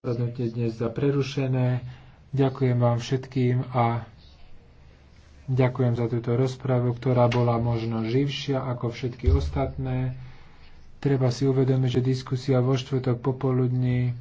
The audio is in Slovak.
zasadnutie dnes za prerušené. Ďakujem vám všetkým a ďakujem za túto rozpravu, ktorá bola možno živšia ako všetky ostatné. Treba si uvedomiť, že diskusia vo štvrtok popoludní